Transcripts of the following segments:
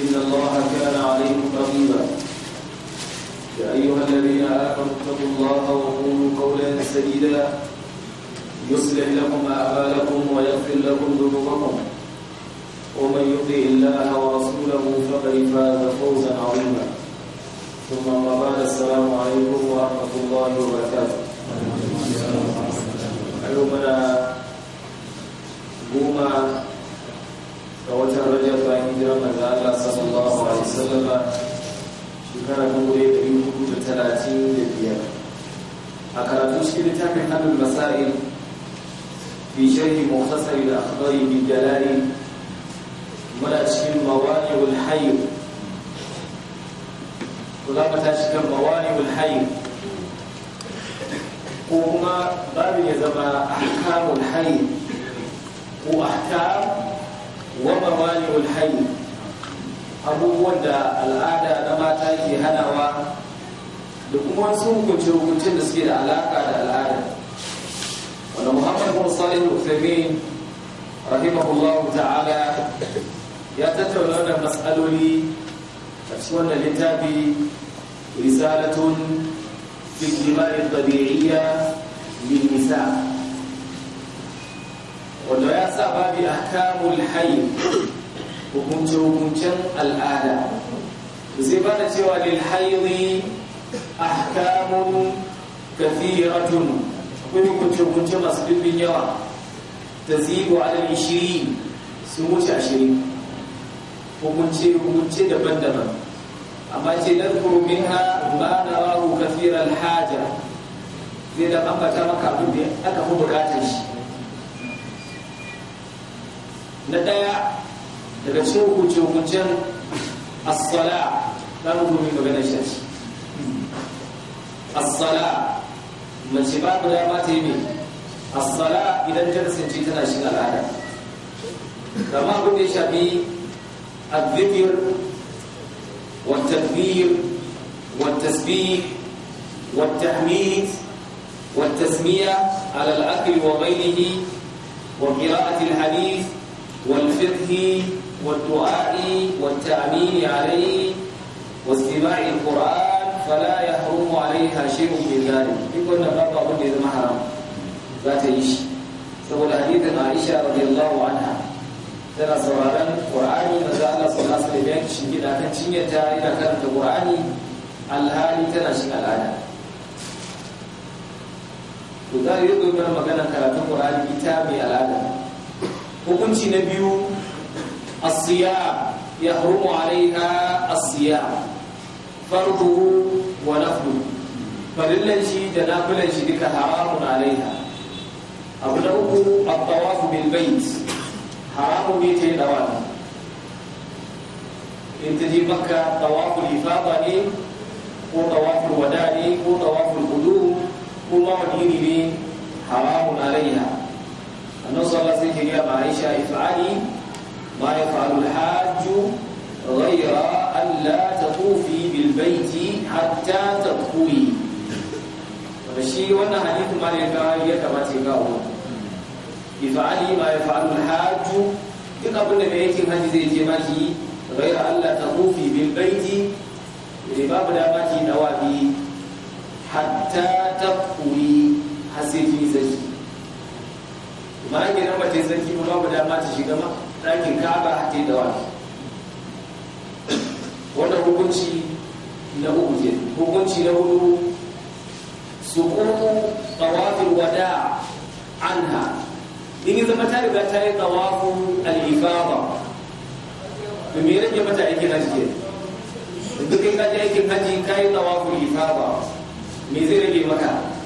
إن الله كان عليكم رقيبا يا أيها الذين آمنوا اتقوا الله وقولوا قولا سديدا يصلح لكم أعمالكم ويغفر لكم ذنوبكم ومن يطع الله ورسوله فقد فاز فوزا عظيما ثم أما بعد السلام عليكم ورحمة الله وبركاته يومنا أيوة، قوما ga watan rajab bayan hijirar manzo Allah sallallahu alaihi wasallam shekara dubu ɗaya da ɗari hudu da talatin da biyar a karatu cikin littafin hannun masa'il fi sharhi muhtasari da akhbari bi jalali muna cikin mawani'ul hayy to za mu tashi kan mawani'ul hayy ko kuma babu ya zama ahkamul hayy ko ahkam wa mawani'ul hayy abubuwan da al'ada na mata ke hanawa da kuma wasu hukunce-hukuncen da suke da alaka da al'ada wanda muhammad bin salih al-uthaymin rahimahullahu ta'ala ya tattauna wannan matsaloli a cikin wannan littafi risalatun fi jima'i tabi'iyya lin nisa' wanda ya sa babi ahkamul hayy hukunce hukuncen al'ada zai bada cewa lil hayd ahkamun kathiratun akwai hukunce hukunce masu dubin yawa tazibu ala 20 sun wuce 20 hukunce hukunce daban-daban amma ce nadhkuru minha ma narahu kathira al-haja zai da ambata maka abin da aka fi bukatar shi na ɗaya daga cikin hukunce-hukuncen assala ɗan hukumi maganar shaci assala mace ba ku dama ta yi ne assala idan ta kasance tana shiga al'ada kama abin da ya shafi الذكر والتكبير والتسبيح والتحميد والتسمية على الأكل وغيره وقراءة الحديث والفقه والدعاء والتأمين عليه واستماع القرآن فلا يحرم عليها شيء من ذلك يقول لك أبو بن محرم ذات إيش سبب حديث عائشة رضي الله عنها tana sauraron Qur'ani manzo Allah sallallahu alaihi wasallam ya shingida kan cinyata ina karanta Qur'ani alhali tana shi al'ada to da yau mun magana karatun Qur'ani ta mai al'ada hukunci na biyu asiya ya harumu alaiha asiya farduhu wa nafdu farillan shi da nafilan shi duka haramun alaiha abu na uku at-tawafu bil bait haramun ne ta yi dawafi in ta je makka tawaful lifafa ne ko tawaful wada ne ko tawaful hudu ko ma wani ne haramun alaiha annabi sallallahu alaihi wasallam ya ba Aisha if'ali ma yaf'alu al-hajj ghayra an la tatufi bil baiti hatta shi wannan hadisi ma ne ya kamata ya kawo if'ali ma yaf'alu al-hajj duk abin da mai haji zai je maki ghayra an la tatufi bil baiti babu da dawabi hatta zai mage na mace sarki ba babu dama ta shiga ma ɗakin kaba har da wani wanda hukunci na uku ke hukunci na hudu su kuma tawafin wada anha in yi zama ta riga ta yi tawafin al'ifaba da me rage mata aikin hajji ke duk in ka je aikin hajji ka yi tawafin ifaba me zai rage maka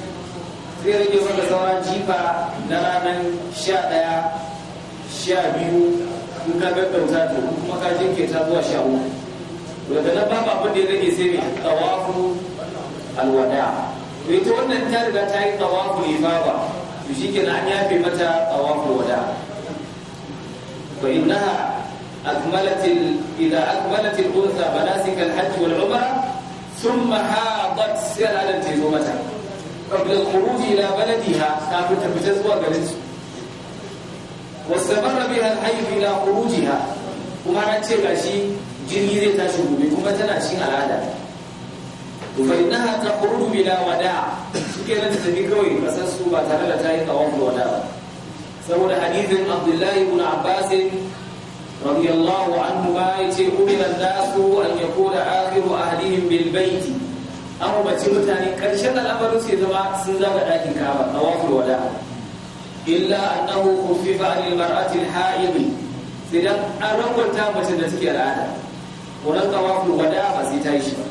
zai rage maka sauran jifa na ranar sha ɗaya sha biyu in ka gaggauta to kuma ka ta zuwa sha uku daga nan babu abin da ya rage sai mai tawafu alwada to ita wannan ta riga ta yi tawafu ifaba to shi na an yafe mata tawafu wada fa innaha أكملت ال... إذا أكملت الأنثى مناسك الحج والعمرة ثم حاضت سير على mata qabla al-khuruj ila baladiha kafin ta zuwa garin su wastamarra biha al-hayf ila khurujiha kuma na ce gashi jirgi zai tashi gobe kuma tana cikin al'ada fa ta takhruju bila wada' shike nan tafi kawai kasar su ba tare da ta yi tsawon da ba saboda hadithin abdullahi ibn abbas radiyallahu anhu ma yace umira nasu an yakuna akhiru ahlihim bil baiti an umarci mutane karshen al'amarin sai zama sun zaga ɗakin kaba a wafin wada illa annahu khuffifa ni mar'ati al-ha'id sai dan an rangwanta mace da suke al'ada wannan tawaful wada ba sai ta yi shi ba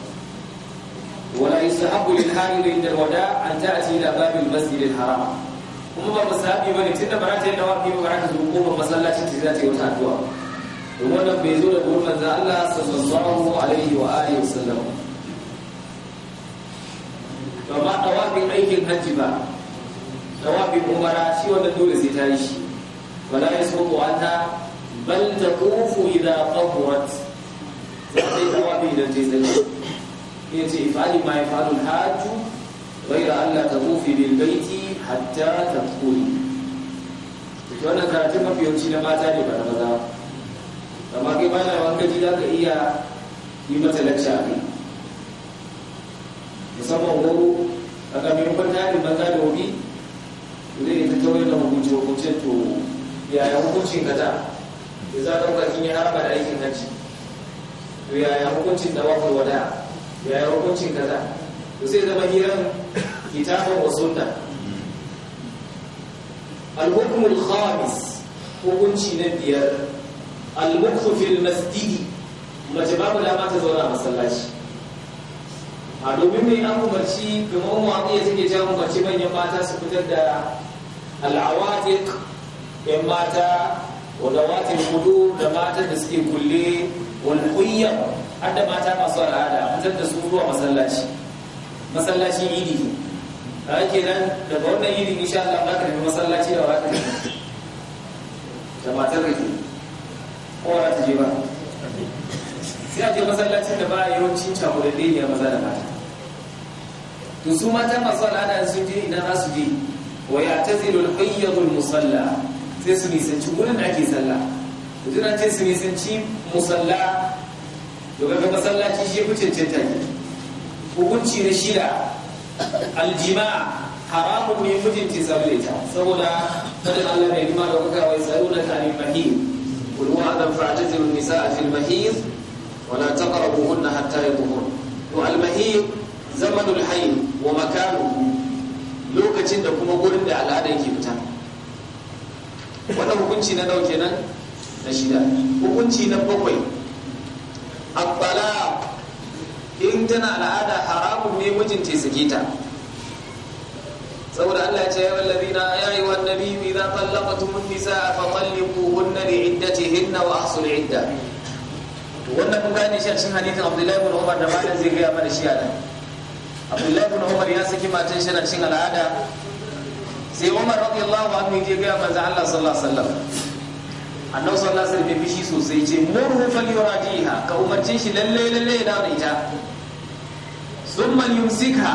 wala yusahabu lil ha'id inda al-wada an ta'ti ila bab al-masjid al-haram kuma ba mu musabi bane tunda ba ta yi tawafi ba ta zo ko ba masallacin ta zai wata addu'a wannan bai zo da gurbin manzo Allah sallallahu alaihi wa alihi wasallam to amma tawafin aikin hajji ba tawafin umara shi wanda dole sai ta yi shi wala yasqutu anha bal taqufu idha tahurat sai tawafi idan ce sai yace ifali ma yafalu hajju ghayra an la taqufi bil baiti hatta taquli to wannan karatu mafi yawanci na mata ne ba na maza amma kai bayan wanka ji za ka iya yi mata lacca ne musamman horo a maimakon tarin banza da wani zai ta kawai da hukunci hukunci to yaya hukuncin ka da ya za ɗauka kin ya harba da aikin hajji to yaya hukuncin da wakil wada yaya hukuncin ka da to sai zama hiran kitabun wa sunna al al-khamis hukunci na biyar al-mukhu fil masjidi mace babu dama ta zauna a masallaci a domin mai an umarci kamar mawaƙiya take ta umarci manyan mata su fitar da al'awatik yan mata wanda watin kudu da mata da suke kulle wani kuyyar hada mata masu al'ada fitar da su zuwa masallaci masallacin idi da ake nan daga wannan idin insha Allah ba ka tafi masallaci da wata da matar rake ko ta je ba sai a je masallacin da ba a yawancin cakulalli ne maza da mata to su mata masu al'ada su je idan za su je wa ya ta zilul hayyadul musalla sai su nisanci wurin da ake sallah to jira ce su nisanci musalla to ga masallaci shi kuce cancanta ne hukunci na shida aljima'a haramun ne mijinci saboda saboda kada Allah mai rima da kuka wai tsaruna ta ne mahim قل وعدا فاعتزلوا النساء في المهيض ولا تقربوهن to يطهرن والمهيض زمن الحيض wa makanuhu lokacin da kuma gurin da al'ada yake fita wannan hukunci na dauke nan na shida hukunci na bakwai abbala in tana al'ada haramun ne mijinta ya sake ta saboda Allah ya ce yawan labina ya yi wa nabi bi za tallaqatum nisa ne talliquhunna ce hinna wa ahsul idda wannan kun gane shi a cikin hadithin Abdullahi bin Umar da malam zai gaya mana shi a nan abdullahi ibn umar ya saki matan shi na cin al'ada sai umar radiyallahu anhu ya ga manzo Allah sallallahu alaihi wasallam annabi sallallahu alaihi wasallam bishi sosai ce murhu falyuradiha ka umarci shi lalle lalle dawo da ita summa yumsikha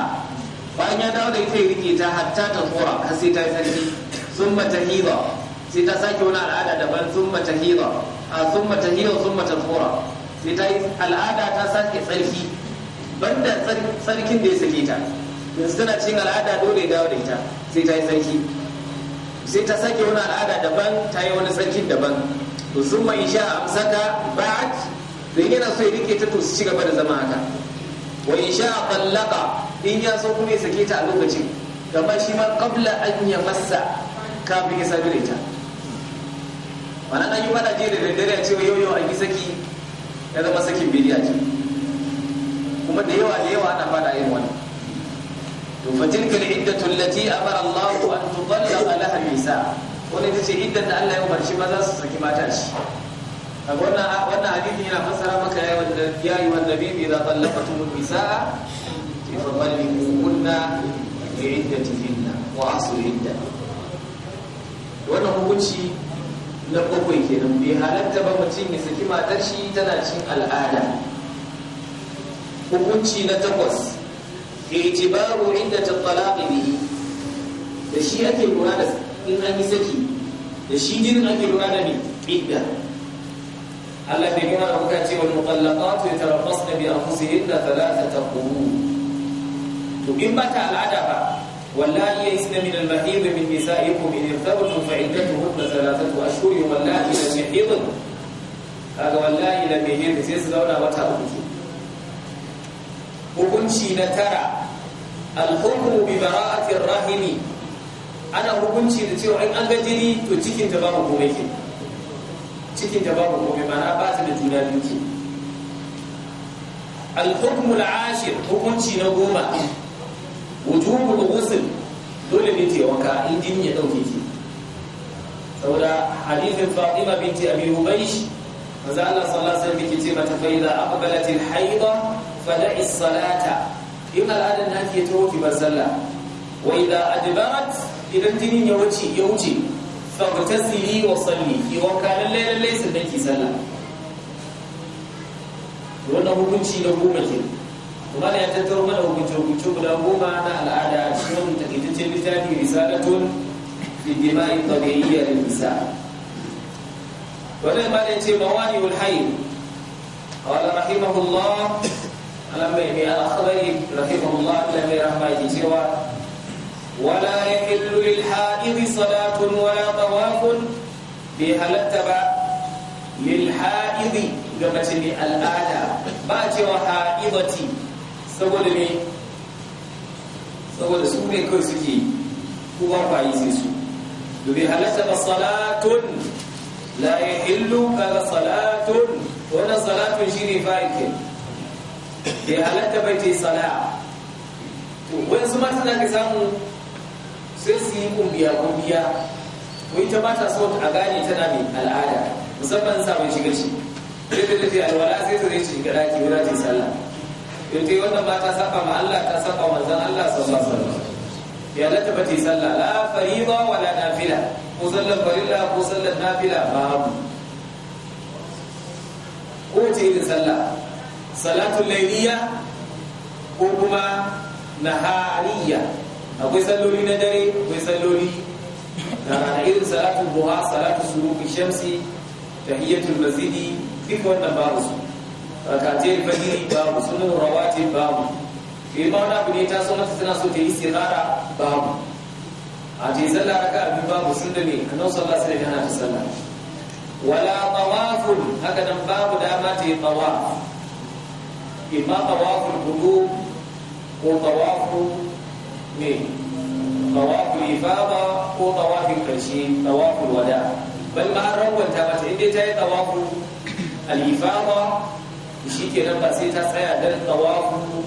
bayan ya dawo da ita ya rike ta hatta ta tsora har sai ta yi sarki summa tahira sai ta sake wani al'ada daban summa tahira a summa tahira summa ta tsora sai ta yi al'ada ta sake tsarki banda sarkin da ya sake ta yanzu tana cikin al'ada dole ya dawo da ita sai ta yi sarki sai ta sake wani al'ada daban ta yi wani sarki daban to sun mai sha amsaka ba'at da in yana so ya rike ta to su ci gaba da zama haka wa in sha tallaka in ya so kuma ya sake ta a lokacin kamar shi ma qabla an ya massa kafin ya sadu da ita wannan an yi mana je da daddare a cewa yau yau an yi saki ya zama sakin bidiya ce kuma da yawa da yawa ana fada yin wani to fa tilka al-iddatu allati amara Allah an tudallaqa laha nisa wani tace iddan da Allah ya umarci maza su saki mata shi kaga wannan wannan hadisi yana fassara maka ya wanda ya yi wanda bibi idza tallaqatum nisa fa ballighuhunna li iddatihinna wa asul idda wannan hukunci na bakwai kenan bai halatta ba mutum ya saki matar shi tana cin al'ada hukunci na takwas ya itibaru inda ta talaqi bihi da shi ake lura da in an yi saki da shi din ake lura da ne idda Allah bai gina abu ka ce wal mutallaqatu yatarabbasna bi anfusihinna ta qurun to in ba ta al'ada ba wallahi yaisna min al-mahid min nisa'ikum in irtabtum fa iddatuhunna thalathatu ashhur wallahi lam yahid kaga wallahi lam yahid sai su zauna wata uku hukunci na tara alhukumu bi bara'atir rahimi ana hukunci da cewa in an ga jini to cikin ta babu komai ke cikin ta babu komai ma'ana ba ta da juna biyu ke alhukumu ashir hukunci na goma wujubul ghusl dole ne ta wanka in jini ya dauke ki saboda hadithin Fatima binti Abi Hubaysh manzo Allah sallallahu alaihi wasallam yake ce mata fa idza aqbalat al-haida fada'i salata in al'adar naki ya taho ki bar sallah wa idza adbarat idan jinin ya wuce ya wuce fa tasili wa salli ki wanka lalle lalle sannan ki sallah wannan hukunci na goma ke kuma ya tattaro mana hukunci hukunci guda goma na al'ada cikin wannan takaitaccen littafi risalatun fi dima'i tabi'iyya lil nisa wannan ma ne ce mawani ul hayy قال رحمه الله alam bai mai al-akhbari rahimahullah Allah cewa wala yahillu lil haidi salatun wala ba lil haidi mace mai al'ada ba cewa haidati saboda suke su domin halatta ba salatun shine fa'il bai halatta bai ce yi sana'a to mata na ka samu sai su yi kumbiya kumbiya ko ta mata ta so a gane tana mai al'ada musamman sa mai shiga shi sai da tafi alwala sai ta zai shiga daki ke ta yi sallah yau ta yi wannan ba ta saba ma Allah ta saba manzan Allah sallallahu alaihi wasallam ya halatta ba ta sallah la fariba la nafila ko sallar farilla ko sallar nafila babu ko ce yin sallah salatu lailiya ko kuma nahariya akwai salloli na dare akwai salloli na irin salatu buha salatu suruki shamsi ta tahiyyatul masjidi duk wannan babu su rakatai fajiri babu sunan rawati babu ke ma wani abu ne ta so mata tana so ta yi sirara babu a ta yi sallah raka abin babu sun da ne annabi sallallahu alaihi wasallam ta sallah wala tawafun haka nan babu dama ta yi tawaf imma tawaful wudu ko tawafu ne tawaful ko tawafin karshe tawaful wada bal ma an rawanta mata inda ta yi tawafu al-ifada shi kenan ba sai ta tsaya dan tawafu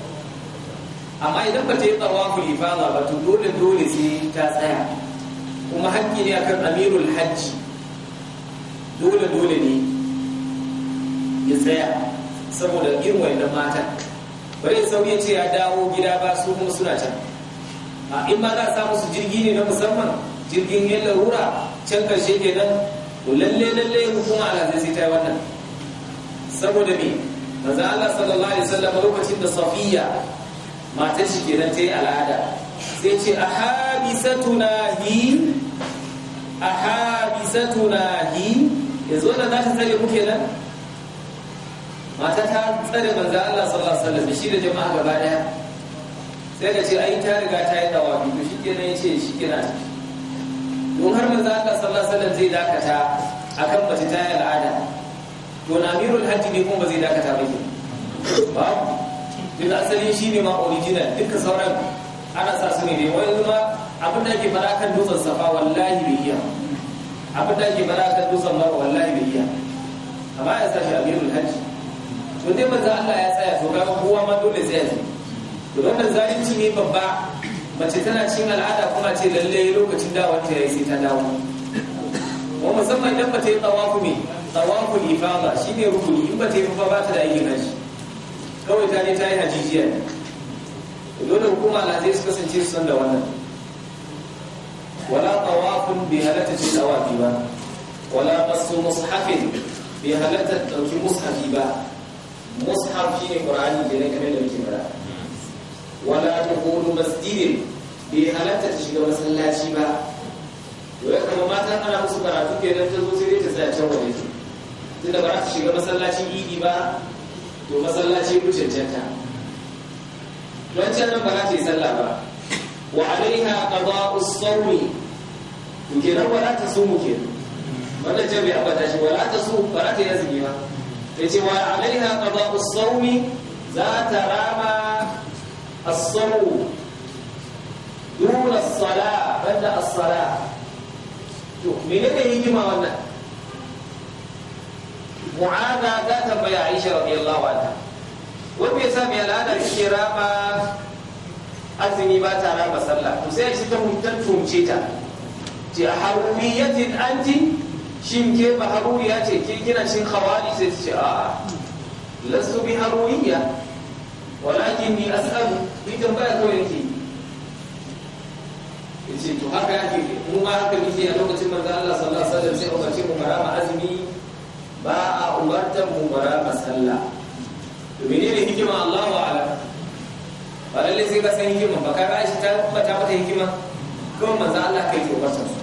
amma idan ba yi tawaful ifada ba to dole dole sai ta tsaya kuma hakki ne akan amirul hajji dole dole ne ya tsaya saboda irin wayannan matan bari in sauke ce ya dawo gida ba su kuma suna can a in ba za a samu su jirgi ne na musamman jirgin yan larura can karshe kenan to lalle lalle hukuma ala sai ta yi wannan saboda me manzo Allah sallallahu alaihi wasallam lokacin da Safiya matar shi kenan ta yi al'ada sai ce ahabisatuna hi ahabisatuna hi yanzu wannan za ta tsare muke nan mata ta tsare manzo Allah sallallahu alaihi wasallam shi da jama'a gaba daya sai ka ce ai ta riga ta yi dawa to shikenan yace shikenan don har manzo Allah sallallahu alaihi wasallam zai dakata akan mace ta yi al'ada to na amirul hajji ne kuma zai dakata ba ba duk asali shi ne ma original duka sauran ana sa su ne ne wai kuma abin da ke fara kan dutsen safa wallahi bai iya abin da ke fara kan dutsen marwa wallahi bai iya amma ya sa shi amirul hajji to dai manzo Allah ya tsaya to kaga kowa ma dole sai ya zo to wannan zalunci ne babba mace tana cin al'ada kuma ce lalle lokacin dawon ta yayi sai ta dawo wa musamman idan bata yi tawafu ne tawafu ifada shine rukuni in bata yi ba ba ta da aikin haji kawai ta ne ta yi hajijiya dole hukuma na zai su kasance su san da wannan wala tawafun bi halatta tawafi ba wala qasu mushafin bi halatta dauki mushafi ba mushaf shine qur'ani kenan kamar da muke fara wala tuhuru masjidin bai halatta ta shiga masallaci ba Wai ya kama mata ana musu karatu kenan ta zo sai dai ta tsaya can waje tunda ba za ta shiga masallacin idi ba to masallaci ku cancanta wancan nan ba za ta yi sallah ba wa alaiha qada'u sawmi to kenan ba za ta so mu kenan wannan jabi abata shi wala ta so ba za ta yi azumi ba yace wa alaiha qada'u as-sawmi za ta rama as-sawm dun as-salah banda as-salah to menene hikima wannan mu'ada ta tambaya Aisha radiyallahu anha wanda yasa mai al'ada ke rama azumi ba ta rama sallah to sai shi ta mutuntunce ta ce harumiyatin anti shin ke ba haruriya ce ke gina cin khawari sai ce a lasu bi haruriya walakin ni as'alu ni tambaya kawai yake yace to haka yake mu ma haka muke a lokacin manzo Allah sallallahu alaihi wasallam sai umarci mu bara azumi ba a umartan mu bara sallah to menene hikima Allahu a'lam ba lalle sai ka san hikima ba ka ga shi ta mata mata hikima kuma manzo Allah kai to ba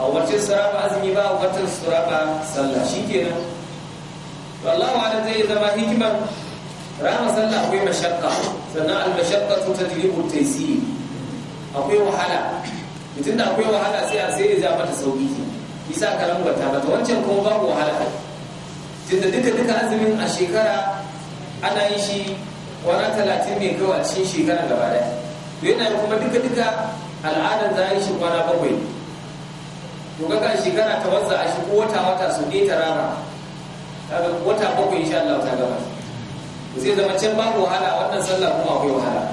a wacce suraba azumi ba a wacce suraba sallah shikenan to Allah wa'ala zai zama hikimar rama sallah akwai mashakka sannan al-mashakka ta yi taysir akwai wahala mutum da akwai wahala sai a sai ya mata sauki bisa ka lambata mata wancan kuma babu wahala da duka duka azumin a shekara ana yi shi kwana talatin ne kawai a cikin shekara gaba daya to yana kuma duka duka al'adar za a yi shi kwana bakwai to kan shekara ta wazza a shi wata wata su ne tarara kaga wata bakwai insha Allah ta gaba to sai zama can babu wahala wannan sallah kuma akwai wahala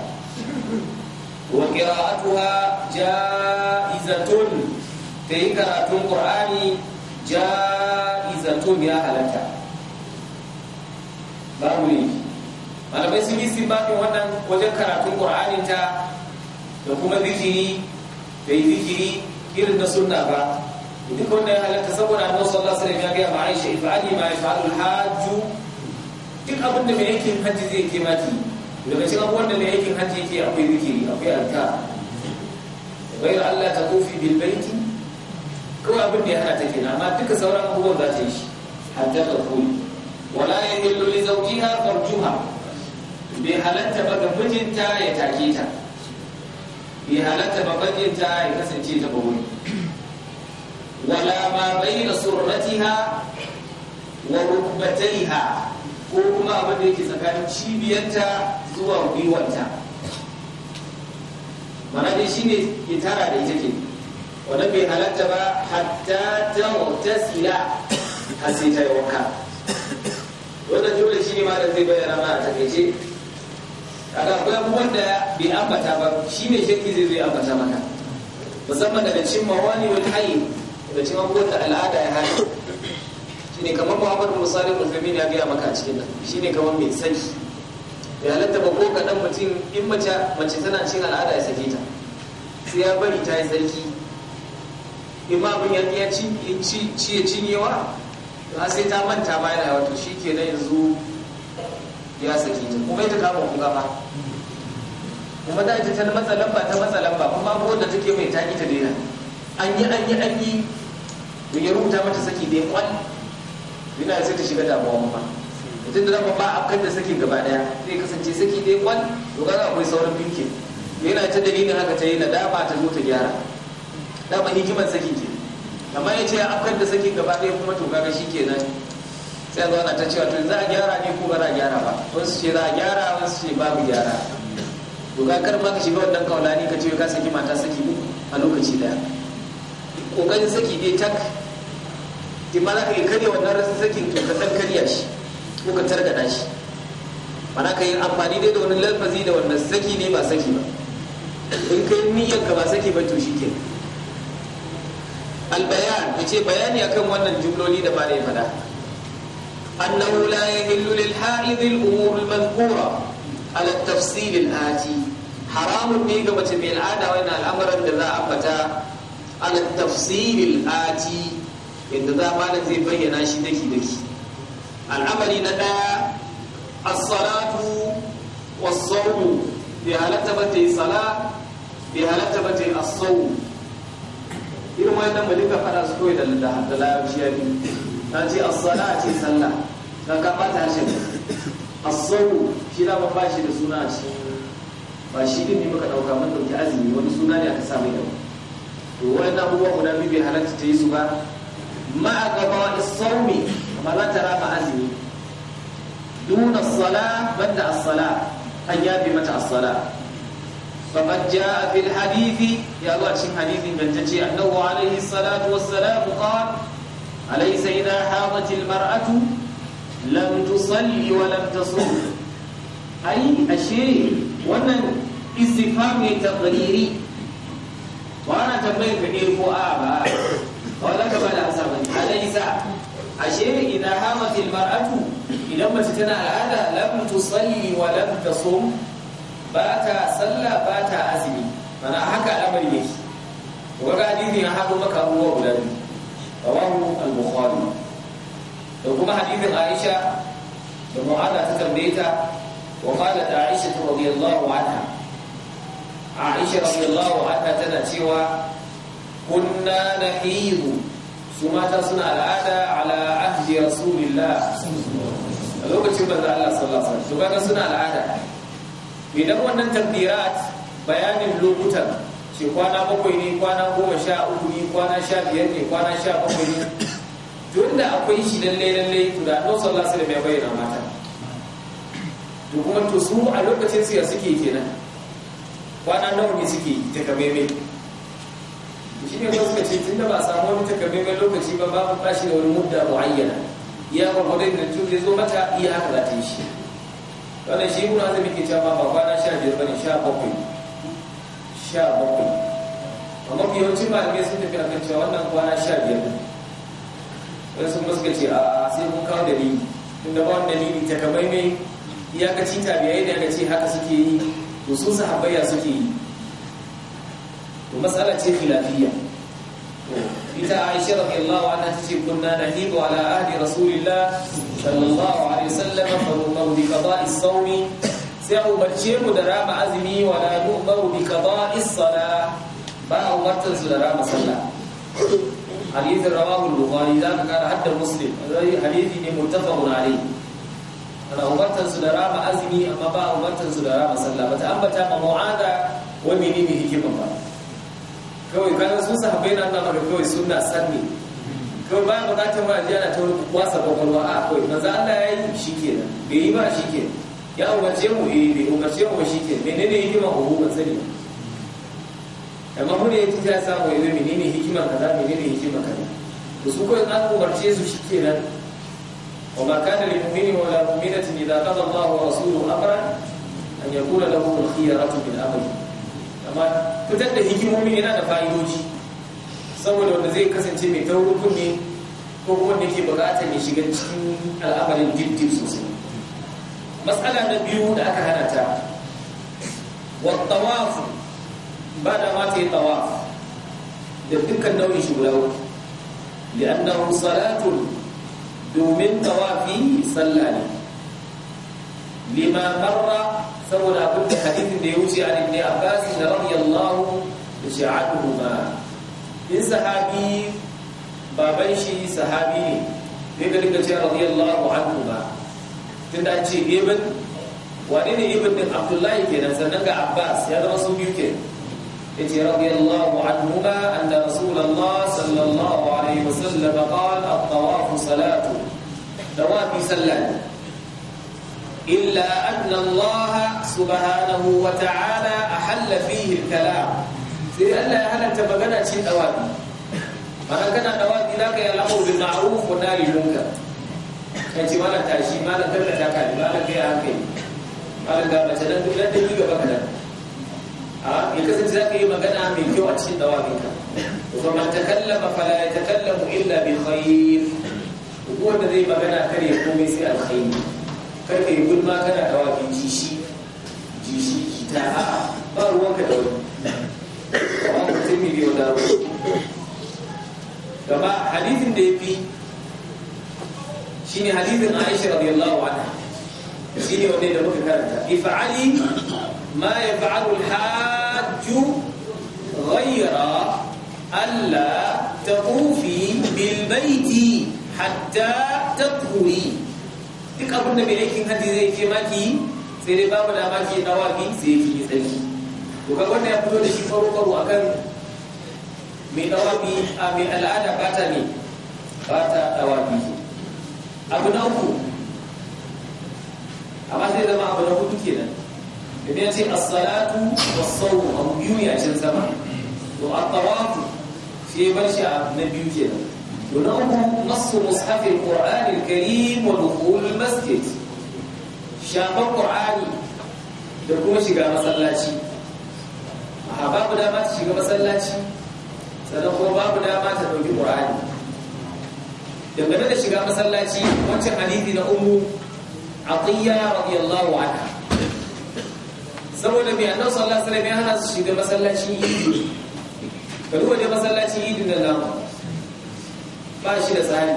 wa qira'atuha ja'izatun ta yi karatun qur'ani ja'izatun ya halatta babu ne malamai sun yi bakin wannan wajen karatun qur'anin ta da kuma zikiri da yi zikiri irin na sunna ba duk wanda ya halatta saboda annabi sallallahu alaihi wasallam ya gaya ma Aisha ifa'ali ma yafa'alul hajj duk abin da mai aikin hajji zai ke maki daga cikin abubuwan da mai aikin hajji yake akwai zikiri akwai alka ghayr Allah ta kofi bil baiti kawai abin da ya hana ta kenan amma duka sauran abubuwan za ta yi shi hatta ta koyi wala yahillu li zawjiha farjuha bai halatta ba ga mijinta ya take ta bai halatta ba mijinta ya kasance ta ba wala ma bayna surratiha wa rukbataiha ko kuma abin da yake tsakanin cibiyarta zuwa gwiwanta mana dai shine ya tara da ita ke wannan bai halatta ba hatta ta tsira, har sai ta yi wanka dole jumla shi ne ma zai bayyana ma a takaice kaga akwai abubuwan da bai ambata ba shi ne shakki zai zai ambata maka musamman daga cin mawani wani hayi da cikin da al'ada ya hana ne kamar muhammad musali musulmin ya gaya maka a cikin nan ne kamar mai sani ya halatta ba ko kaɗan mutum in mace tana cin al'ada ya sake ta sai ya bari ta yi sarki in ma abin ya ci ya cinyewa ba sai ta manta bayan yana wato shi ke nan yanzu ya sake ta kuma ita kama kuka ba kuma ta ita ta matsa lamba ta matsa lamba kuma abubuwan da take mai ta ita daina an yi an yi an yi to ya rubuta mata saki da ya kwan yana sai ta shiga damuwa ba mutum da zama ba a kan da saki gaba daya zai kasance saki da ya kwan to kaga akwai sauran binkin yana ta dalilin haka ta yi na dama ta zo ta gyara dama hikimar saki ke amma ya ce a kan da saki gaba daya kuma to kaga shi kenan sai zo ana ta cewa to za a gyara ne ko ba za a gyara ba wasu ce za a gyara wasu ce babu gyara to kar ma ka shiga wannan kaulani ka ce ka saki mata saki a lokaci daya kokarin saki dai tak imma za ka yi karya wannan rasin sakin to ka san karya shi ko ka targada shi mana ka yi amfani dai da wani lalfazi da wannan saki ne ba saki ba in ka yi niyyar ka ba saki ba to shi ke albayan ya ce bayani akan wannan jumloli da ba da ya fada annahu la yahillu lil ha'id al umur al madhkura ala tafsil al ati haramun ne ga mace mai al'ada wannan al'amuran da za a ambata ala tafsiril ati inda za ma zai bayyana shi daki daki al'amari na ɗaya as-salatu was-sawm bi halatta ba ta yi sala bi halatta ba ta yi as-sawm irin wani ba duka fara su koyi da da larabci ya bi ta ce as-sala ce sallah ta ka ba ta harshen as-sawm shi da ban ba shi da suna a cikin ba shi din ne muka ɗauka mun ɗauki azumi wani suna ne aka sa mai dauka to wannan abubuwa guda biyu bai halatta ta yi su ba ma a gaba wani saumi amma za ta rama azumi duna sala banda asala an ya bi a asala faqad jaa fil hadithi ya Allah cin hadithin gantace annahu alayhi salatu wassalamu qala alaysa idha hadatil mar'atu lam tusalli wa lam tasum ai ashe wannan isifa ne taqriri ba tambayar tambayin ka eh ko a ba wala ka bada asaba alaysa ashe idan hamatil mar'atu idan mace tana al'ada lam tusalli wa lam tasum ba ta salla ba ta azumi mana haka al'amari yake to kaga hadisi ya haɗo maka abubuwa guda biyu rawahu al-bukhari da kuma hadisin Aisha da Mu'adha ta tambaye ta wa qalat Aisha radiyallahu anha aisha radiyallahu anha tana cewa kunna nahiru su mata suna al'ada ala ahdi rasulillah a lokacin banza Allah sallallahu alaihi wasallam suna al'ada idan wannan tabbirat bayanin lokutan ce kwana bakwai ne kwana goma sha uku ne kwana sha biyar ne kwana sha bakwai ne tun da akwai shi lalle lalle to da Allah sallallahu alaihi wasallam ya bayyana mata to kuma to su a lokacin su suke kenan kwana nawa ne suke yi takamaimai shi ne kuma suka ce tun da ba samu wani takamaimai lokaci ba babu bashi da wani mudda mu'ayyana iya kwakwadai da tun zai zo mata iya haka za ta yi shi wannan shi ibn zai muke cewa ba kwana sha biyar ne sha bakwai sha bakwai amma yawancin malamai sun tafi akan cewa wannan kwana sha biyar ne wani sun muska ce a sai kun kawo dalili da ba wani dalili ta kamai mai iyakaci tabiyayi da aka ce haka suke yi to su sahabbaiya suke yi to matsala ce khilafiyya ita Aisha radiyallahu anha tace kunna nahibu ala ahli rasulillah sallallahu alaihi wasallam fa nuqaw bi qada'i as-sawm sai umarce mu da rama azumi wa la nuqaw bi qada'i as-salah ba umartan su da rama sallah hadith rawahu al-bukhari da ka kara hadda muslim hadisi ne muttafaqun alayhi ana umartar su da rama azumi amma ba a umartar su da rama sallah ba ta ambata ma mu'ada wa menene hikima ba kawai kana su sahabbai na Allah kawai sunna sanni kawai ba bukatar ma ajiyana ta wani kwasa kwalwa a kawai manzo Allah ya yi shikenan bai yi ba shikenan ya umarce mu eh bai umarce mu shikenan menene ma ubu ba sani amma mun yi ta samu yanzu menene hikima kaza menene hikima kaza su kawai an umarce su shikenan وما كان لمؤمن ولا مؤمنة إذا قضى الله ورسوله أمرا أن يكون له الخيرة من أمره أما فتد هجمومي هنا نفايدوجي saboda wanda zai kasance mai taurin ne, ko kuma wanda ke bukatar ya shiga cikin al'amarin jirgin sosai matsala na biyu da aka hana ta wattawafu ba da ma ta yi tawaf da dukkan nau'in shugaba da salatun domin tawafi sallah ne lima marra saboda abin da hadithin da ya wuce a ibn Abbas da radiyallahu da shi'atuhu ma in sahabi baban shi sahabi ne zai ga dinga cewa radiyallahu anhu ba. tunda an ce ibn wani ne ibn din Abdullahi kenan sannan ga Abbas ya zama sun biyu kenan إتي رضي الله عنهما أن رسول الله صلى الله عليه وسلم قال الطواف صلاة دواب سلام إلا أن الله سبحانه وتعالى أحل فيه الكلام في أن هل تبغنا شيء دوابي أنا كان دوابي ذاك يلعب بالمعروف والنار المنكر kace mana tashi mana kallata ka mana kai hankali mana ga mace dan duk dan duk gaba kadan ya kasance za yi magana mai kyau a cikin dawaminka wa man takallama fala yatakallamu illa bi khair duk wanda zai magana kare komai sai alkhairi kar ka yi gulma kana dawamin jishi jishi kita a ba ka da wani amma mutum ne yau da ruwa gaba hadisin da ya fi shine hadisin Aisha radiyallahu anha shine wanda da muka karanta ifa'ali ما يفعل الحاج غير ألا تطوفي بالبيت حتى تطهري duk abin da mai aikin hajji zai ke maki sai dai babu da maki na wafi sai ki tsaki to ka wannan ya fito da shi faro faro akan mai dawafi a mai al'ada ba ta ne ba ta dawafi abu na uku amma sai zama abu na hudu kenan idan ce as-salatu was-sawm abu biyu ya cin sama to at-tawafu sai bar shi na biyu kenan to na uku nassu mushaf al-qur'an al-karim wa dukhul al-masjid shafar qur'ani da kuma shiga masallaci a babu dama ta shiga masallaci sannan kuma babu dama ta dauki qur'ani dangane da shiga masallaci wancan hadisi na ummu atiya radiyallahu anha saboda mai annabi sallallahu alaihi wasallam ya hana su shiga masallacin idi ka waje da masallacin idi da lamu ba shi da tsari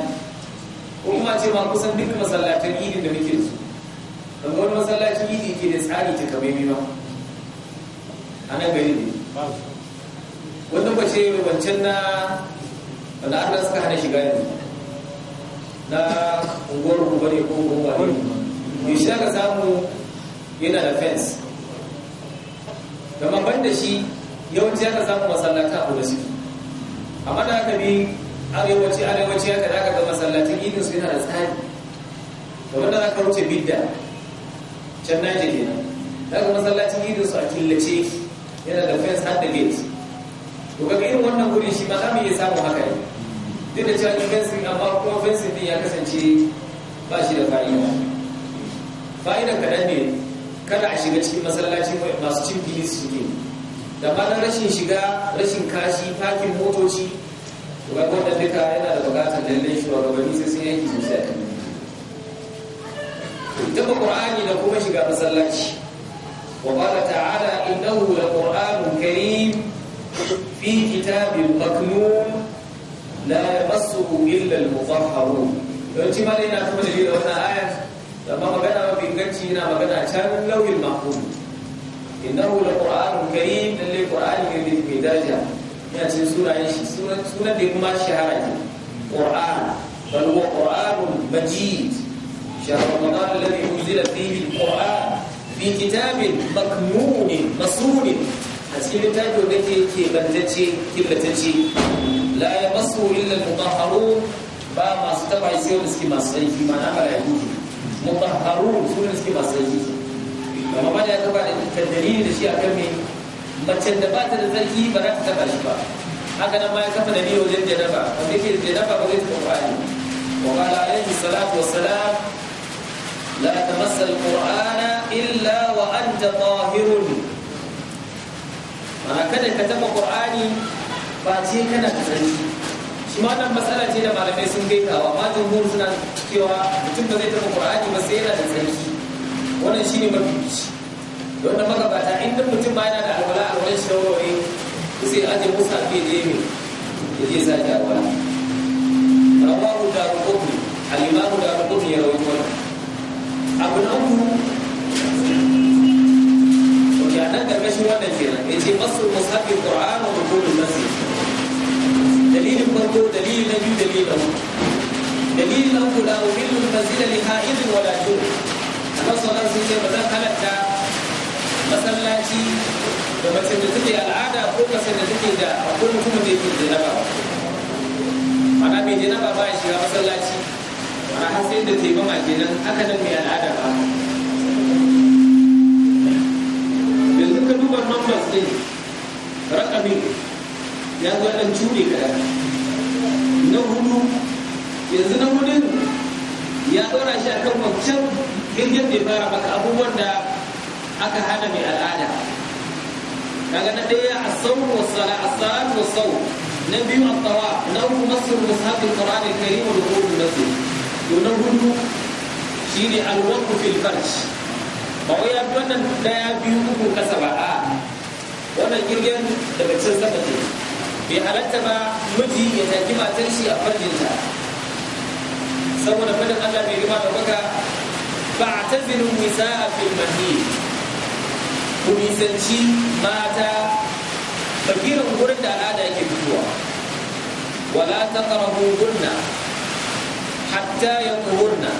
ko kuma ce ma kusan duk masallatan idi da muke su kamar wani masallacin idi ke da tsari ta kamar ba a nan gari ne Wannan ba ce wancan na wanda aka suka hana shiga ne na unguwar ku bane ko unguwar ne shi ka samu yana da fence gama ban da shi yawanci aka samu masallata a suke amma da aka bi arewaci arewaci aka da aka ga masallatan idin su yana da tsari kamar da aka wuce bidda can naje kenan da aka masallacin idin su a killace yana da fence har da gate to ga irin wannan wurin shi ma za mu iya samun haka ne duk da cewa fence amma kuma fence din ya kasance ba shi da fa'ida fa'ida kaɗan ne kada a shiga cikin masallaci masu cin bilis su ne da na rashin shiga rashin kashi fakin motoci ga duka yana da bukatar lallai shugabanni sai sun yanki su sai kan ba qur'ani da kuma shiga masallaci wa qala ta'ala innahu laqur'anun karim fi kitabin maknun la yamassuhu illa al don ci ma dai na kuma da wannan ayat amma magana mafi inganci yana magana can lauyin mahfuz innahu alqur'anul karim lalle qur'ani ne mai daraja yana cikin sunayen shi sunan da kuma shahara ne qur'an bal huwa qur'anul majid shahr ramadan alladhi unzila fihi alqur'an fi kitabin maknunin masunin a cikin littafin da ke ke bantacce killatacce la yamassu illa al-mutahharun ba masu taba sai wanda suke masu tsarki ma na malaiku mutahharun su ne suke masu zargi amma ba da ya taba da tattari da shi a kan me macen da ba ta da zargi ba za ta taba shi ba haka nan ma ya kafa da biyo wajen janaba wanda yake da janaba ba zai taba kwani wa qala alayhi salatu wa salam la tamassa alqur'ana illa wa anta tahirun mana kada ka taba qur'ani ba ce kana da zargi shi ma nan matsala ce da malamai sun gaita wa ma jumhur suna cewa mutum ba zai taɓa qur'ani ba sai yana da tsarki wannan shi ne mafi don da magabata inda mutum ba yana da alwala a wani da wurare sai aje musa fiye da yemi yaje sa da alwala rawahu daruqutni al-imam daruqutni ya rawaito abu na uku nan karkashin wannan kenan ce masu mushafi qur'anu farko dalil na biyu dalil na uku dalili na uku la uhillu al-masjida li ha'idin wala jun Allah sun ce ba zan halatta masallaci da mace da take al'ada ko mace da take da akwai mutumin da yake jinaba mana mai jinaba ba ya shiga masallaci mana har sai da taimama kenan haka nan mai al'ada ba yanzu ka duba numbers din rakamin ya zo ɗan cuɗe kaɗan na hudu yanzu na hudun ya ɗora shi a kan wancan girgin bai fara maka abubuwan da aka hana mai al'ada kaga na ɗaya a sau wa a salatu wa sau na biyu a tsawa na uku masu musafin ƙwararren kari wa rukunin nasu to na hudu shi ne alwaku fil farj ba wai ya fi wannan ɗaya biyu uku kasa ba a wannan girgin daga can sama ce bai halatta ba miji ya zaki matar shi a farjinta saboda fadin Allah bai rima da baka ba a tazirin nisa a filmahi ku nisanci mata fakirin gurin da al'ada yake fitowa wala ta ƙarahu gurna hatta ya kuhurna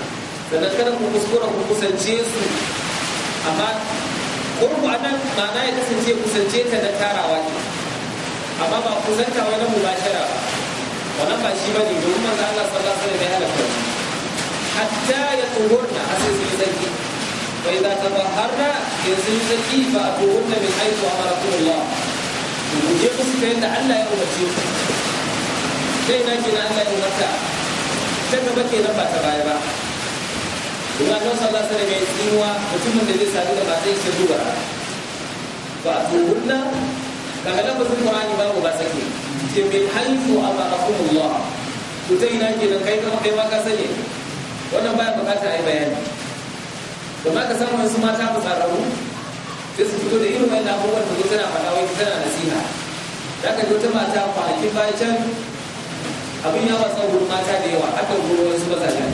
sannan kada ku kuskura ku kusance su amma kurbu anan ma'ana ya kasance kusance ta da tarawa ke amma ba kusanta wani mubashara ba wannan ba shi bane domin manzo Allah sallallahu alaihi wasallam ya halaka hatta ya tuhurna asai su zaki fa idza tabaharna yanzu zaki fa tuhurna min haythu amarakum Allah je ku fita yadda Allah ya umarce ku sai na kina Allah ya umarta ta gaba nan ba ta baya ba Kuma Allah sallallahu alaihi wasallam ya tsinuwa mutumin da zai sadu da ba zai shi duba ba tuhurna daga lafazin qur'ani babu ba sake ce min haifu amarakumullah to ta ina kenan kai kama kai ma ka sani wannan baya bukata ai bayani da ma ka samu wasu mata ba tsararru sai su fito da irin wannan abubuwan da na faɗa wai tana nasiha da ka ta mata kwanakin baya can abin ya wasa gurin mata da yawa akan gurin wasu mazajen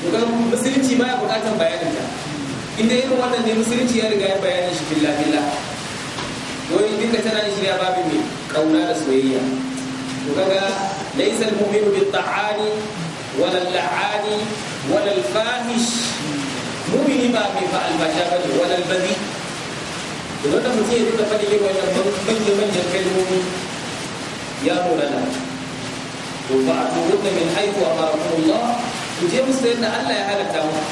dukan musulunci baya bukatan bayanin ta inda irin wannan ne musulunci ya riga ya bayanin shi billa billa وي ديك تانا نجري بابي مي قولا لسويه وكذا ليس المؤمن بالطعان ولا اللعان ولا الفاحش مؤمن بابي فالبشاب ولا البذي ولا تمشي انت فدي لي وين من من يركل المؤمن يا مولانا وبعد ورد من حيث أمركم الله وجيب سيدنا الله يا هذا التامر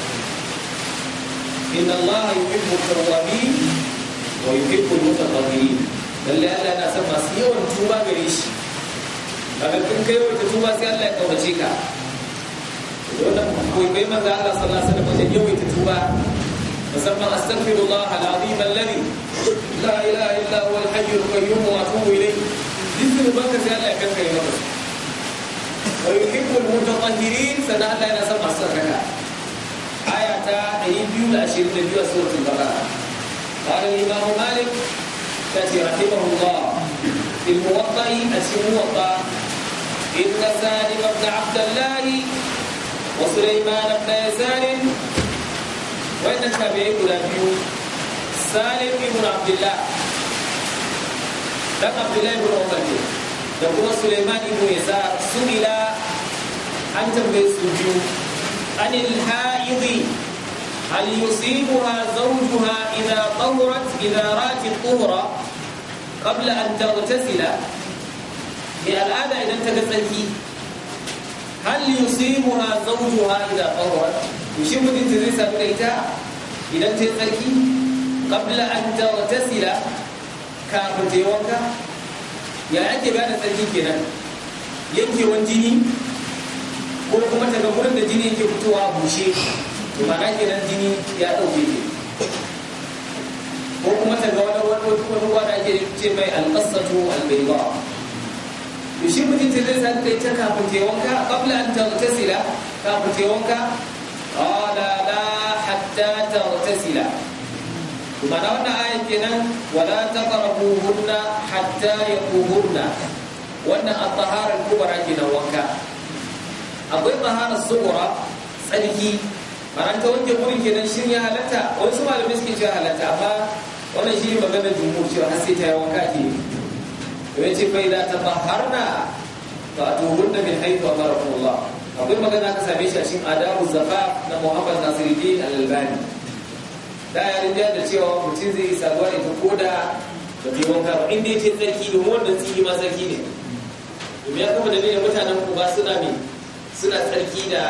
إن الله يحب التوابين ويحب المتقدمين بل لا لا نسمى سيون توبا بريش لكن كم كيو توبا سي الله توجيكا وي بي صلى الله عليه وسلم يوم توبا فسمى استغفر الله العظيم الذي لا اله الا هو الحي القيوم واتوب اليه ذكر بك سي الله كم ويحب المتطهرين فدعا لا نسمى استغفر آية قال الإمام مالك الذي رحمه الله في الموطأ الموطأ إن سالم بن عبد الله وسليمان بن يسار وإن التابعين لابيو سالم بن عبد الله dan عبد الله بن da kuma Sulaiman سليمان بن sunila an tambaye su biyu عن الحائض هل يصيبها زوجها إذا طهرت إذا رات الطهرة قبل أن تغتسل الآن إذا تغسلتي هل يصيبها زوجها إذا طهرت يشم تنتزي سابقيتا إذا تغسلتي قبل أن تغتسل kafin ta yi wanka ya ake gane tsarki kenan yankewan jini ko kuma ta ga da jini yake fitowa bushe to ba kenan jini ya ɗauke ke ko kuma ta ga wani wani wani ruwa da ake ce mai alƙasatu albaiba to shi mutum ta zai san kai ta kafin ta wanka qabla an sila kafin ta wanka qala la hatta taghtasila to ba na wannan ayan kenan wala taqrabuhunna hatta ya yaquhunna wannan at-tahara al-kubra kenan wanka akwai tahara sughra tsarki ma'an ta wanke wurin kenan shin ya halatta wasu malamai suke cewa halatta amma wannan shi magana jumhur cewa har sai ta yi wanka ke to yace fa idza tatahharna fa atuhunna mai haythu mara Allah akwai magana ka same shi a cikin adabu zafa, na Muhammad Nasiruddin Al-Albani da ya rinja da cewa mutum zai yi sabuwa da ta koda da ke wanka ba inda ce tsarki domin wanda tsiri ma tsarki ne domin ya kuma da ne mutanen ku ba suna me suna tsarki da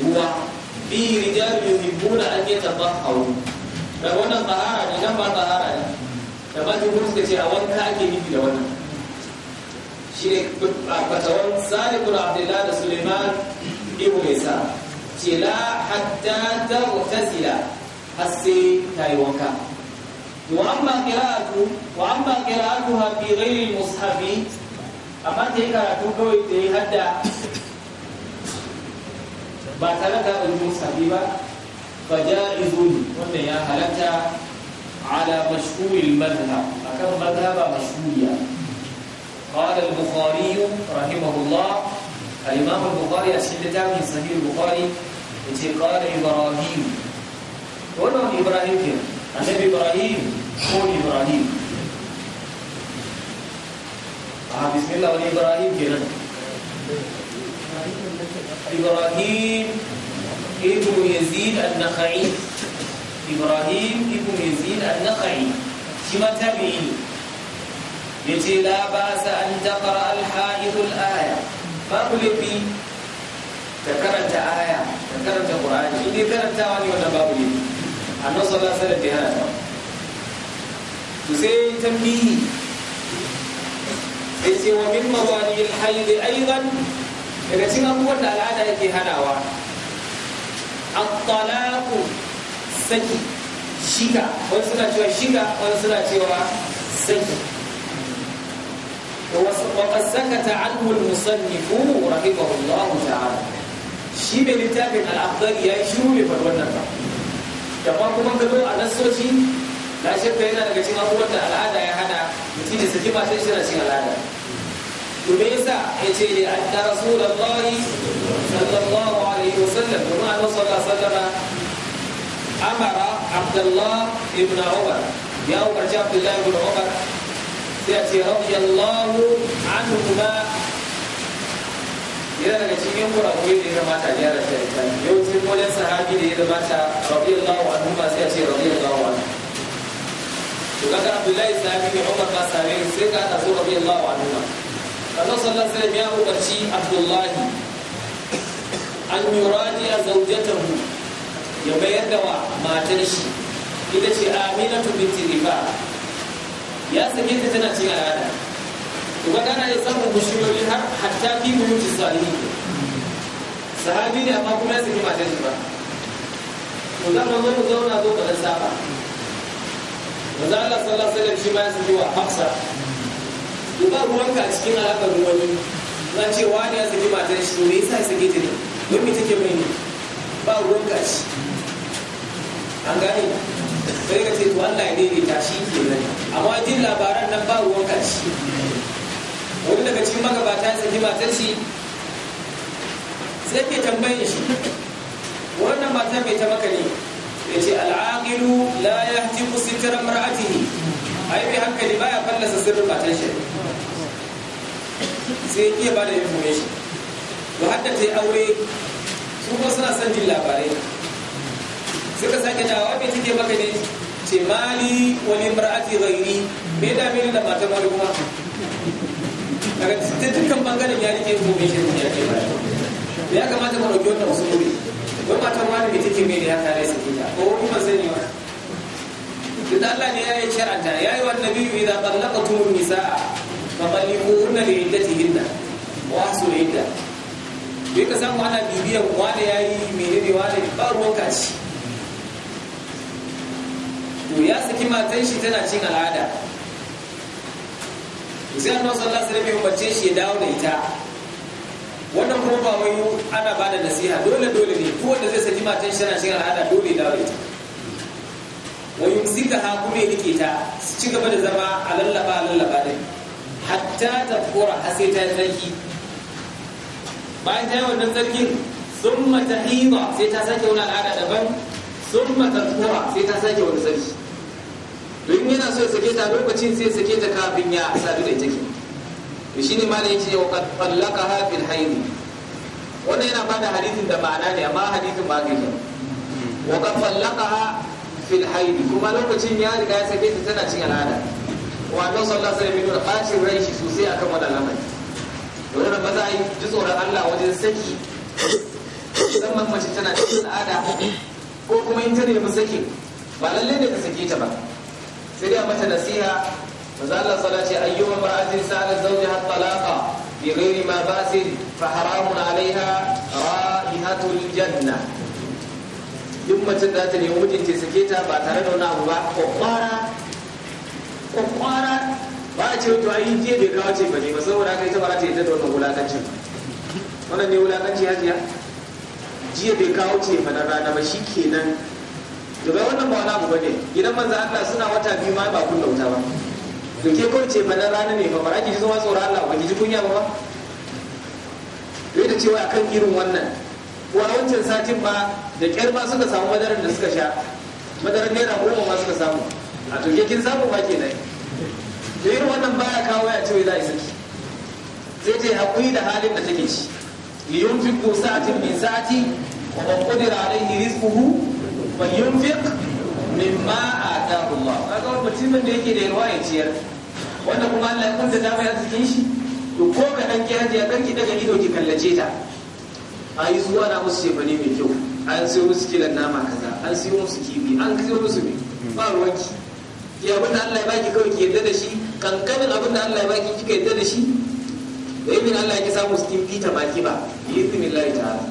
ruwa fihi rijal yuhibbuna an yatatahharu da wannan tahara ne nan ba tahara ne da ba ji suka ce a wanka ake nufi da wannan shi ne fatawan salikul abdullahi da suleiman ibu mai sa ce la hatta ta mutasila har sai ta yi wanka wa amma qira'atu wa amma qira'atuha fi ghairi al amma ta yi karatu kawai ta yi hadda ba tare da ɗauki musabi ba fa ja'izun wanda ya halatta ala mashhuril madhhab akan madhhaba mashhuriya قال البخاري رحمه الله الإمام البخاري أسئلة ta صحيح البخاري التي قال إبراهيم wannan ibrahim ke annabi ibrahim ko ibrahim a bismillah ibrahim ke إبراهيم ابن يزيد النخعي إبراهيم ابن يزيد النخعي كما تبعي يتي لا بأس أن تقرأ الحائض الآية ما قل لي تكرت آية تكرت قرآن إني كرت وأني وأنا بابلي أن صلى الله عليه وسلم بهذا تسي تنبيه يتي ومن مواني الحيض أيضا daga cikin abubuwan da al'ada yake hanawa at-talaqu saki shiga wani suna cewa shiga wani suna cewa saki وقد سكت عنه المصنف رحمه الله تعالى shi mai littafin al'adari ya yi shiru mai faruwar nan ba da ma kuma ka zo a nasoci na shirka yana daga cikin abubuwan da al'ada ya hana mutum da saki sai shi na cikin al'ada وليس اجلي ان رسول الله صلى الله عليه وسلم وما صلى الله وسلم امر عبد الله ابن عمر يا عمر جاء عبد الله بن عمر سياتي رضي الله عنهما إذا لم يكن يقول أقول إذا مات جار الشيطان يوتي مولى الصحابي إذا مات رضي الله عنهما سياتي رضي الله عنه وكان عبد الله الصحابي عمر بن سعيد سيدنا رسول رضي الله عنهما manzon sallallahu alaihi wasallam ya umarci abdullahi an yuradi zawjatahu ya mayar da wa matar shi ita ce aminatu binti rifa ya sake ta tana cin al'ada to ba kana iya samun mushiyoyi har hatta fi buyuti salihin sahabi ne amma kuma ya sake matar shi ba to za mu zo mu zauna zo ka dan saba manzo Allah sallallahu alaihi wasallam shi ma ya sake wa Hafsa ba ruwanka a cikin alaƙar wani na ce ne ya saki matar shi me yasa ya sake ta ne don me take mai ne ba ruwanka shi an gane sai ka ce to Allah ya daidaita shi ke nan amma jin labaran nan ba ruwanka shi wani daga cikin magabata ya saki matar shi sai ke tambayin shi wannan matar mai ta maka ne ya ce al'aƙilu la ya hajji kusurtar A ai mai hankali ba ya fallasa sirrin matar shi sai iya ba da information ba hadda ta yi aure su kuma suna son jin labarai suka sake dawa me take maka ne ce mali wani mar'ati ghairi me da me da matan wani kuma daga ta dukkan bangaren ya rike information ne ya ke ba ya kamata mu dauki wasu usuli wai matan wani mai take mai da ya kare su kita ko kuma sani wa duk Allah ne ya yi shar'anta ya yi wa nabi idza talaqtum nisaa da li iddatihinna wa ahsul idda bai ka samu ana bibiyan wane yayi menene wane ba ruwan kaci to ya saki matan shi tana cin al'ada sai annabi sallallahu alaihi wasallam ya umarce shi ya dawo da ita wannan kuma ba wai ana ba da nasiha dole dole ne ko wanda zai saki matan shi tana cin al'ada dole dawo da ita wa yumsikaha kuma ya rike ta su ci gaba da zama a lallaba a lallaba dai hatta ta kora a sai ta yi tsarki bayan ta yi wannan sarkin? sun mata hiba sai ta sake wani al'ada daban sun mata kora sai ta sake wani tsarki domin yana so ya sake ta lokacin sai sake ta kafin ya sadu da ita ke to shine malam yake wa wakar fallaka fil hayd wannan yana ba da hadithin da ma'ana ne amma hadithin ba gaskiya wa qad fallaka fil hayd kuma lokacin ya riga ya sake ta tana cin al'ada wa annabi sallallahu alaihi wasallam bacin rai shi sosai akan wannan lamari domin za maza yi ji tsoron Allah wajen saki musamman mace tana cikin al'ada ko kuma in ta nemi sakin ba lalle ne ka sake ta ba sai dai mata nasiha maza Allah a ce wasallam ayyuma ma'atin sa'ala zawjaha talaqa bi ghairi ma basin fa haramun alaiha ra'ihatul janna duk mace da ta nemi mijinta sake ta ba tare da wani abu ba ko kwara kwakwara ba a ce to ayi je bai kawo ce ba ne ba saboda kai ta ba ta yi da wannan wulakancin wannan ne wulakanci ya jiya bai kawo ce ba na rana ba shi kenan to ga wannan ba wani abu bane idan manzo Allah suna wata biyu ma ba kun lauta ba to ke kun ce na rana ne ba fa ki ji zuwa tsoron Allah ba ki ji kunya ba ba da cewa akan irin wannan ko a wancan satin ba da kyar ba suka samu madarar da suka sha madarar naira goma ma suka samu a to ke kin samu ba nan. Da irin wannan baya kawo ya cewa za a saki Zai ta yi hakuri da halin da take ci fi ko sa'atin min sa'ati wa man qadira alayhi rizquhu ma a ataahu ba. kaga wani mutumin da yake da yarwa ya ciyar wanda kuma Allah ya kunta ta ya cikin shi to ko ka dan ki hajiya dan ki daga ido ki kallace ta a yi zuwa na musu bane mai kyau an sayo musu kilan nama kaza an sayo musu kifi an sayo musu mai ba ruwanki ya abin da Allah ya baki kawai ke yadda da shi kankanin abin da Allah ya baki kika yadda da shi da yi Allah ya samu su kin ta baki ba bi iznillahi ta'ala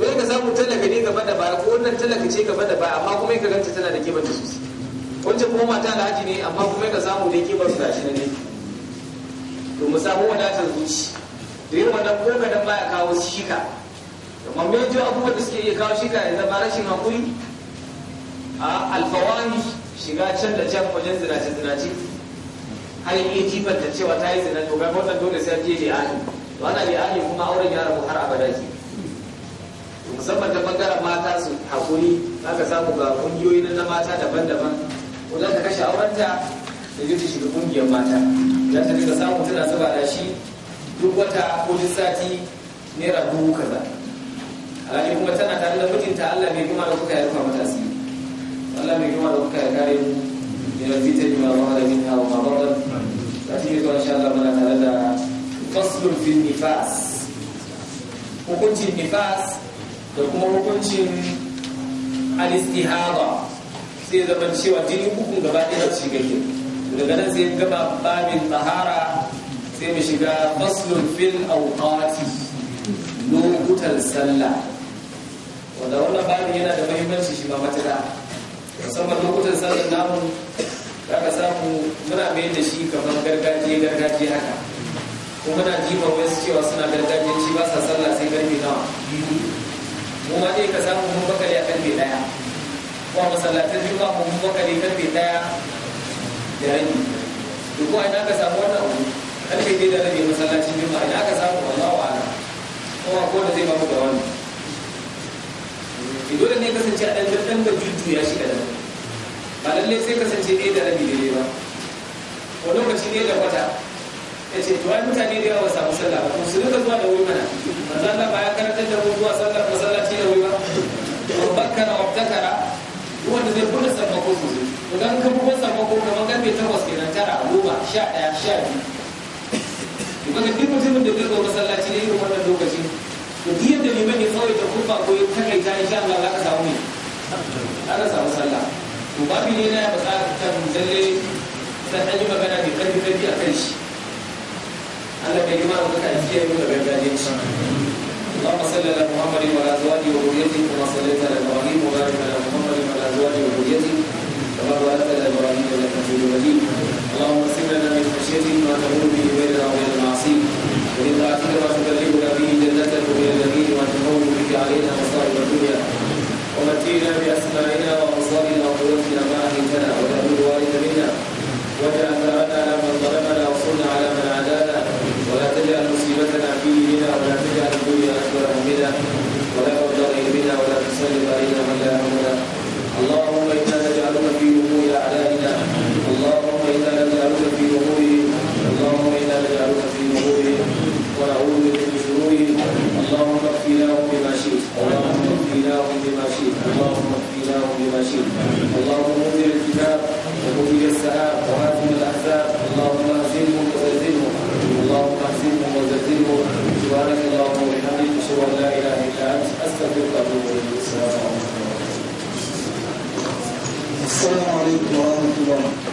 wai ka samu talaka ne gaba da baya ko wannan talaka ce gaba da baya amma kuma ka ganta tana da da sosai wancan kuma mata haji ne amma kuma ka samu da kebar su gashi ne to mu samu wadatar zuci da yin wannan ko kadan baya kawo shika amma me ji abubuwan da suke iya kawo shika ya zama rashin hakuri a alfawari. shiga can da can wajen zinace zinace har iya jifar da cewa ta yi zina to ga wannan dole sai je ali to ana ali kuma auren ya rabu har abada ke musamman ta bangaren mata su hakuri za ka samu ga kungiyoyi na mata daban-daban ko za ta kashe aurenta da yi shiga kungiyar mata za ta rika samu tana zuba da shi duk wata ko duk sati naira dubu kaza alhali kuma tana tare da mutunta Allah ne kuma da kuka yarfa mata asiri nifas hukuncin nifas da kuma hukuncin alistihara istihara sai zaman cewa jini hukun gaba ɗaya shi gake daga nan sai gaba babin tahara sai mu shiga faslun fil awqati lokutan sallah wanda wannan babin yana da muhimmanci shi ba da musamman lokutan sallah namu ka samu muna mai da shi kamar gargajiya gargajiya haka kuma na jifa wasu cewa suna gargajiyanci ba sa sallah sai karfe nawa mu ma dai ka samu mun baka a karfe daya kuma masallatan juma'a mun bakale karfe daya da rabi duk wa ina ka samu wannan abu karfe dai da rabi masallacin juma'a ina ka samu wallahu a'lam kuma ko da zai bamu da ki dole ne kasance a ɗan ɗan da ya shiga da ba lalle sai kasance ɗaya da rabi dai ba ko lokaci ne da wata ya ce to ai mutane da yawa samu sallah ba su rika zuwa da wuri mana manzo Allah ba ya karantar da mu zuwa sallah masallaci da wuri ba wa bakkara wa takara wanda zai buɗe sammako su to dan ka buɗe sammako kamar karfe 8 kenan tara goma sha biyu. kuma duk mutumin da zai zo masallaci da irin wannan lokaci to duk yadda liman ya tsawai ta kurfa ko ya ta insha Allah za ka samu ne za samu sallah to babu ne na ya fasa kan zalle sai an yi magana mai karfi karfi a kan shi على كلمة أنك أجيء من بردانيك اللهم صل على محمد وعلى أزواجه وذريته كما صليت على إبراهيم وبارك على محمد وعلى أزواجه وذريته كما باركت على إبراهيم إنك حميد مجيد اللهم اقسم لنا من خشيتك ما تمر به بيننا وبين المعاصي ومن طاعتك ما تبلغنا به جنتك من اليمين ما تهون به علينا مصائب الدنيا ومتينا بأسمائنا وأبصارنا وقوتنا ما أهيتنا ولا تبلغ منا واجعل ثأرنا على من ظلمنا وانصرنا على من عادانا ولا تجعل مصيبتنا في ديننا ولا تجعل الدنيا أكبر همنا ولا مبلغ علمنا ولا تسلم علينا من لا همنا اللهم إنا نجعلك في أمور أعدائنا اللهم إنا نجعلك في أمورهم اللهم إنا نجعلك في أمورهم ونعوذ بك من شرورهم اللهم اكفي بما شئت اللهم اكفي بما شئت اللهم اكفي بما شئت اللهم انزل الكتاب ومنزل السحاب وهازم الأحزاب اللهم اهزمهم وزلزلهم سبحانك اللهم وبحمدك اشهد ان السلام عليكم ورحمه الله